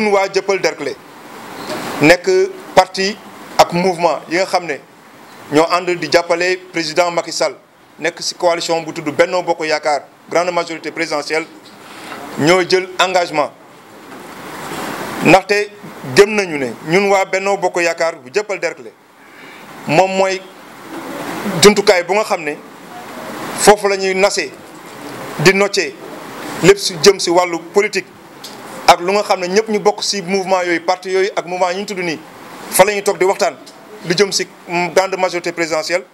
ñun waa Jëppal Derklé nekk parti ak mouvement yi nga xam ne ñoo ànd di jàppale président Macky sal nekk ci coalition bu tudd Benno Bokk Yaakaar grande majorité présidentielle ñoo jël engagement ndaxte gëm nañu ne ñun waa Benno Bokk Yaakaar bu Jëppal Derklé moom mooy jumtukaay bu nga xam ne foofu la ñuy nasee di noccee lépp si jëm si wàllu politique ak lu nga xam ne ñëpp ñu bokk si mouvement yooyu parti yooyu ak mouvement yi ñu tudd nii fa la ñuy toog di waxtaan lu jëm si grande majorité présidentielle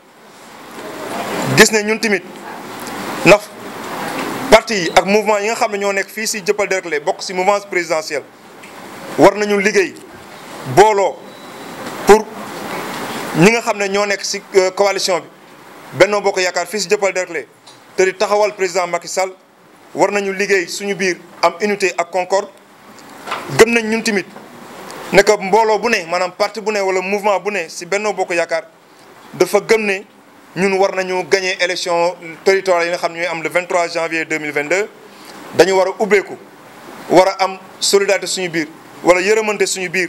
gis ne ñun tamit ndax parti yi ak mouvement yi nga xam ne ñoo nekk fii si Jëppal Derklé bokk si mouvement présidentiel war nañu liggéey booloo pour ñi nga xam ne ñoo nekk si euh, coalition bi Benno Bokk Yaakaar fii si Jëppal Derklé te di taxawal président Macky Sall war nañu liggéey suñu biir am unité ak concorde gëm nañ ñun tamit ne mbooloo bu ne maanaam partie bu ne wala mouvement bu ne si Benno Bokk Yaakaar dafa gëm ne ñun war nañu gagné élection territoriale yi nga xam ne ñooy am le 23 janvier 2022 dañu war a ubbeeku war a am solidarité suñu biir wala yërëmante suñu biir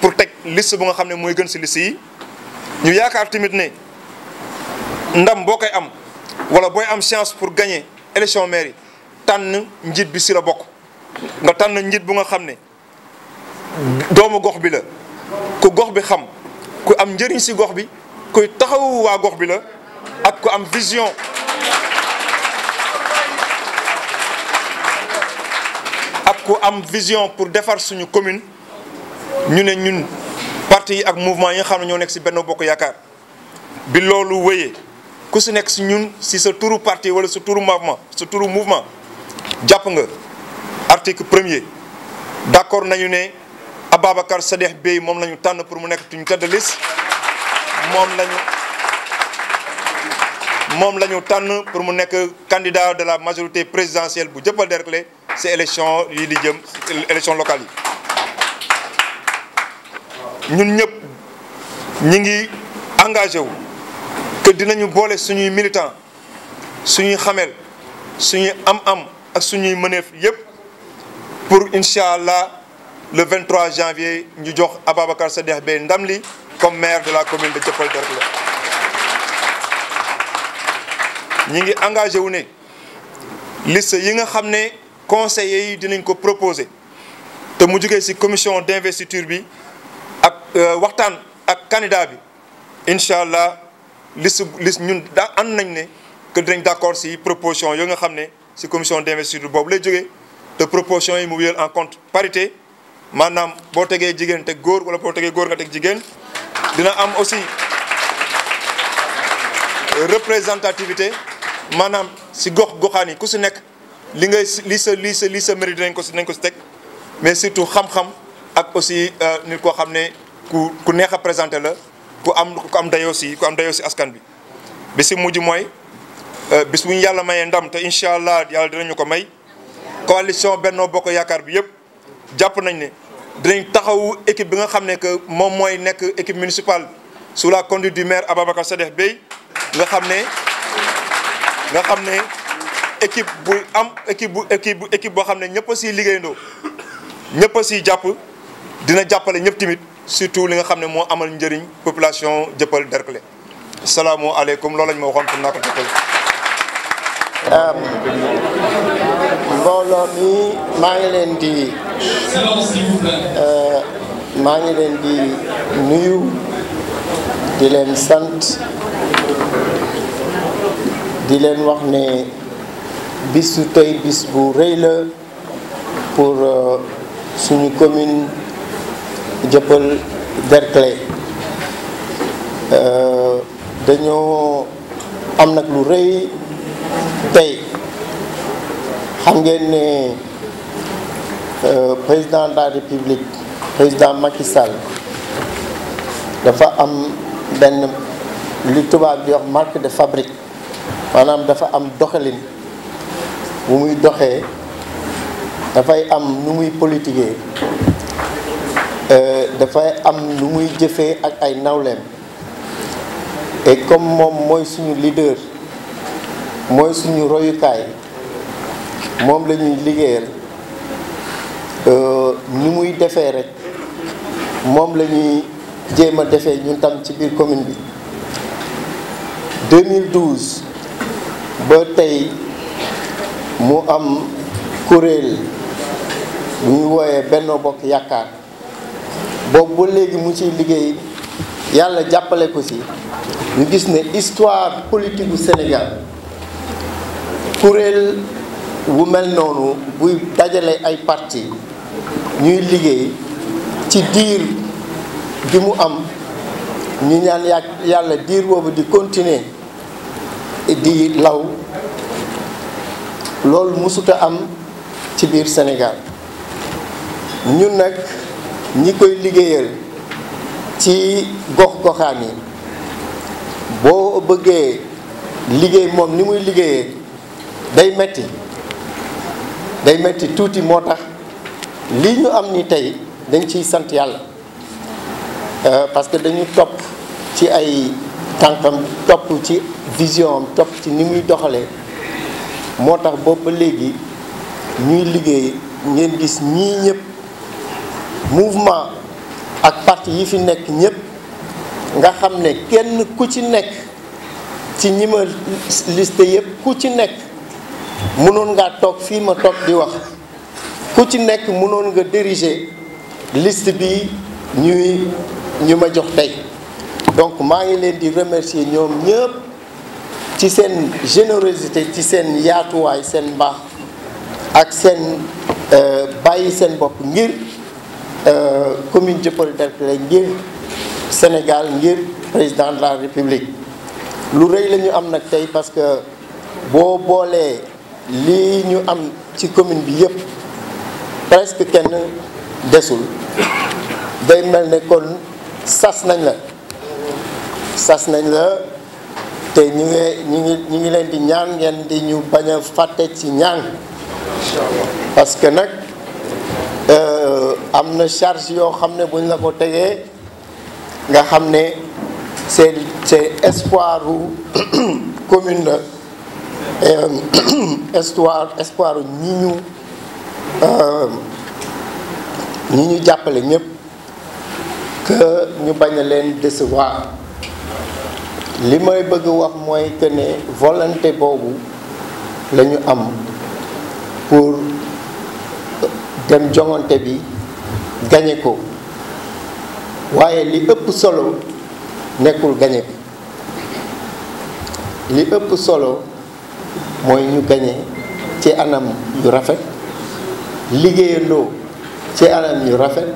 pour teg liste bu nga xam ne mooy gën si liste yi ñu yaakaar tamit ne ndam boo koy am wala booy am chance pour gagner élection mairie tànn njiit bi si la bokk nga tànn njiit bu nga xam ne doomu gox bi la ku gox bi xam ku am njëriñ si gox bi kuy taxawu waa gox bi la ak ku am vision ak ku am vision pour defar suñu commune ñu ne ñun parti yi ak mouvement yi nga xam ne ñoo nekk si benn Bokk Yaakaar bi loolu wéyee ku si nekk si ñun si sa turu parti wala sa turu mouvement sa turu mouvement jàpp nga article premier d' accord nañu ne Ababacar Sadikh Bèye moom la ñu tànn pour mu nekk tuñ tête de moom la moom la ñu tànn pour mu nekk candidat de la majorité présidentielle bu jëppal Derklé si élection yi di jëm élection locale yi ñun ñëpp ñi ngi engagé wu que dinañu boole suñuy militant suñuy xamel suñuy am-am ak suñuy mëneef yëpp pour incha allah le 23 janvier ñu jox Ababacar Sadikh Bèye ndam li comme maire de la commune de Dieuppeul Derklé ñi ngi engagé wu ne liste yi nga xam ne conseillers yi dinañ ko proposer te mu jógee ci commission d'investiture bi ak euh, waxtaan ak candidat bi incha allah liste liste ñun daa ànd nañ ne que dinañ d'accord ci proposition yoo nga xam ne ci commission d'investiture boobu lay jógee. de proportion yi mu jël en compte parité maanaam boo tegee jigéen teg góor wala boo tegee góor nga teg jigéen dina am aussi représentativité maanaam si gox goxaan yi ku si nekk li ngay li sa li sa li sa mérite dinañ ko si dinañ ko teg mais surtout xam-xam ak aussi euh, nit koo xam ne ku ku neex a présenté la ku am ku am dayoo si ku am dayoo si askan bi bi si mujj mooy euh, bis bu ñu yàlla mayee ndam te incha allah yàlla dinañu ko may coalition bennoo Bokk Yaakaar bi yëpp jàpp nañ ne dinañ taxawu équipe bi nga xam ne que moom mooy nekk équipe municipale su la conduite du maire Ababacar Sadekh Bey nga xam ne nga xam ne équipe bu am équipe bu équipe bu équipe boo xam ne ñëpp a siy liggéeyandoo ñëpp a siy jàpp dina jàppale ñëpp tamit surtout li nga xam ne moo amal njëriñ population jëppal Dieuppeul Derklé salaamualeykum loolu lañ ma waxoon naa ko jëppal mbooloo mi maa ngi leen di euh, maa ngi leen di nuyu di leen sant di leen wax ne bisu tey bis bu rëy la pour euh, suñu commune Dieuppeul Derklé euh, dañoo am nag lu rëy xam ngeen ne euh, président de la république président makisal dafa am benn li tubaab di wax marque de fabrique maanaam dafa am doxalin bu muy doxee dafay am nu muy politiquer euh, dafay am nu muy jëfee ak ay nawleem et comme moom mooy suñu leader mooy suñu royukaay moom la ñuy liggéeyal euh, ni muy defee rek moom la ñuy jéem a defee ñun tam ci biir commune bi 2012 ba tey mu am kuréel bu ñu wooyee Benno Bokk Yaakaar boobu ba léegi mu ciy liggéey yàlla jàppale ko ci ñu gis ne histoire politique bu Sénégal kuréel wu mel noonu buy dajale ay parti ñuy liggéey ci diir bi mu am ñu ñaan yàgg yàlla diir boobu di continuer di law loolu mësuta am ci biir Sénégal ñun nag ñi koy liggéeyal ci gox goxaan yi boo bëggee liggéey moom ni muy liggéeyee day metti day metti tuuti moo tax lii ñu am ni tey dañ ciy sant yàlla euh, parce que dañu topp ci ay tànkam topp ci vision am topp ci ni muy doxalee moo tax boobu ba léegi ñuy liggéey ngeen gis ñii ñëpp mouvement ak parti yi fi nekk ñëpp nga xam ne kenn ku ci nekk ci ñi ma liste yëpp ku ci nekk mënoon ngaa toog fii ma toog di wax ku ci nekk mënoon nga diriger list bi ñuy ñu ma jox tey donc maa ngi leen di remercier ñoom ñëpp ci seen générosité ci seen yaatuwaay seen mbaax ak seen euh, bàyyi seen bopp ngir euh, commune Dieuppeul Derklé ngir Sénégal ngir président de la République lu rëy la ñu am nag tey parce que boo boolee lii ñu am ci commune bi yëpp presque kenn desul day mel ne kon sas nañ la sas nañ la te ñu ngi ñu ngi ñu ngi leen di ñaan ngeen di ñu bañ a fàtte ci ñaan parce que nag euh, am na charge yoo xam ne buñ la ko tegee nga xam ne c'est c'est espoiru commune la Euh, espoir espoir ñi ñu euh, ñi ñu jàppale ñépp que ñu bañ a leen décevoir li may bëgg wax mooy que ne volante boobu lañu am pour dem joŋante bi gañe ko waaye li ëpp solo nekkul gañe bi li ëpp solo. mooy ñu gañe ci anam yu rafet liggéeyandoo ci anam yu rafet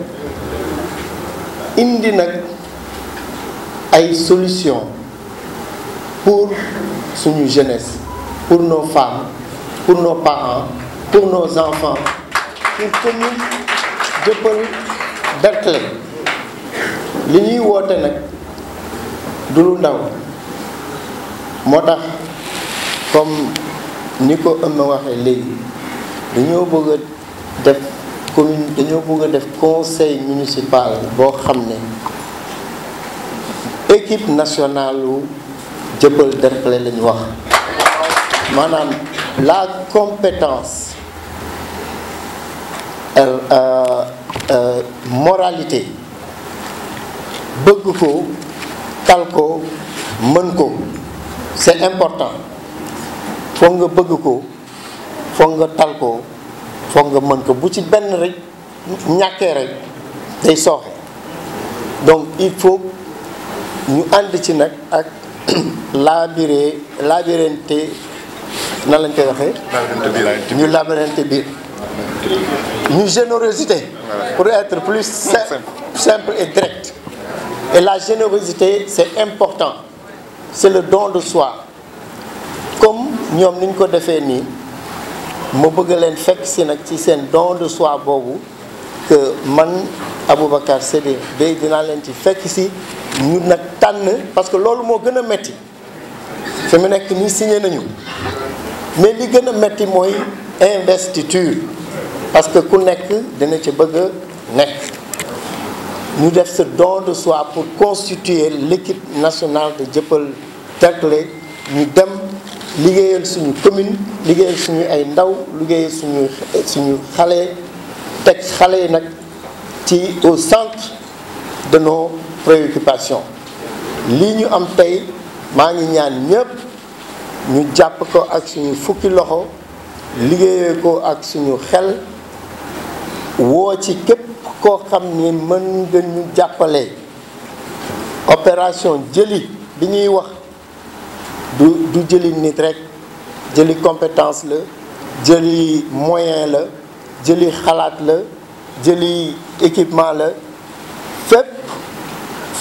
indi nag ay solution pour suñu jeunesse pour nos femmes pour nos parents pour nos enfants pour jëppal Dieuppeul Derklé li ñuy woote nag du lu ndaw moo tax comme ni ko ëmma waxee léegi dañoo bëgg a def commune dañoo bëgg a def conseil municipal boo xam ne équipe nationale wu jëppal Derklé la wax maanaam la compétence euh, euh, moralité bëgg ko tal ko mën ko c'est important foog nga bëgg ko foog nga tal ko foog nga mën ko bu ci benn rek ñàkkee rek day sooxe donc il faut ñu ànd ci nag ak laabiré laabirante nan lañ koy waxee. ñu laabirante biir. ñu générosité. pour être plus simple, simple et direct. et la générosité c'est important c'est le don de soi comme. ñoom ni ñu ko defee nii ma bëgg leen fekk si nag ci seen don de soi boobu que man Aboubacar Sédé Bèye dinaa leen ci fekk si ñu nag tànn parce que loolu moo gën a metti fi mu nekk nii signé nañu mais li gën a metti mooy investiture parce que ku nekk dina ci bëgg a nekk ñu def ce don de soi pour constituer l'équipe national de Dieuppeul Derklé ñu dem liggéeyal suñu commune liggéeyal suñu ay ndaw liggéeyal suñu suñu xale teg xale yi nag ci au centre de nos préoccupations lii ñu am tey maa ngi ñaan ñépp ñu jàpp ko ak suñu fukki loxo liggéeyee ko ak suñu xel woo ci képp koo xam ni mën nga ñu jàppale opération jëli bi ñuy wax du jëli nit rek jëli compétence la jëli moyen la jëli xalaat la jëli équipement la fépp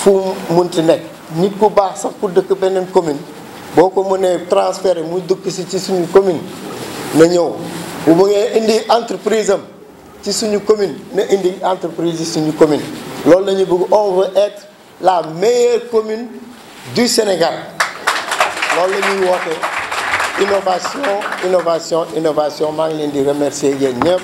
fu munti nekk nit ku baax sax ku dëkk beneen commune boo ko mënee transféré mu dëkk si ci suñu commune na ñëw bu bëggee indi entreprise am ci suñu commune na indi entreprise yi suñu commune loolu la bëgg on veut la meilleure commune du Sénégal loolu la ñuy woote innovation innovation innovation maa ngi leen di remercier yéen ñëpp